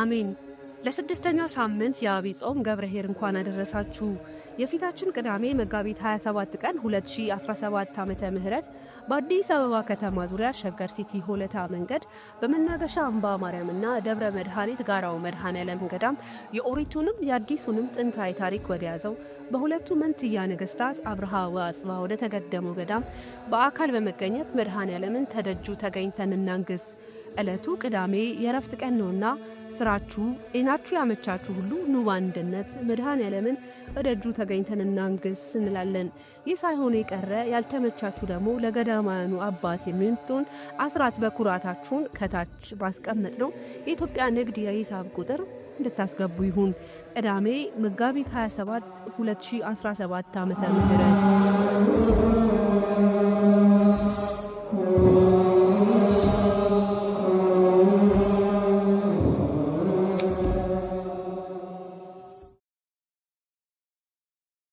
አሜን። ለስድስተኛው ሳምንት የአብይ ጾም ገብረ ኄር እንኳን አደረሳችሁ። የፊታችን ቅዳሜ መጋቢት 27 ቀን 2017 ዓመተ ምህረት በአዲስ አበባ ከተማ ዙሪያ ሸገር ሲቲ ሆለታ መንገድ በመናገሻ አምባ ማርያምና ደብረ መድኃኒት ጋራው መድኃኔዓለም ገዳም የኦሪቱንም የአዲሱንም ጥንታዊ ታሪክ ወደያዘው በሁለቱ መንትያ ነገስታት አብርሃ ወአጽብሃ ወደ ተገደመው ገዳም በአካል በመገኘት መድኃኔዓለምን ተደጁ ተገኝተን እናንግስ። ዕለቱ ቅዳሜ የረፍት ቀን ነውና ስራችሁ፣ ጤናችሁ ያመቻችሁ ሁሉ ኑ በአንድነት መድኃኔዓለምን በደጁ ተገኝተን እናንግስ እንላለን። ይህ ሳይሆን የቀረ ያልተመቻችሁ ደግሞ ለገዳማውያኑ አባት የምንትሆን አስራት በኩራታችሁን ከታች ባስቀመጥ ነው የኢትዮጵያ ንግድ የሂሳብ ቁጥር እንድታስገቡ ይሁን። ቅዳሜ መጋቢት 27 2017 ዓ ም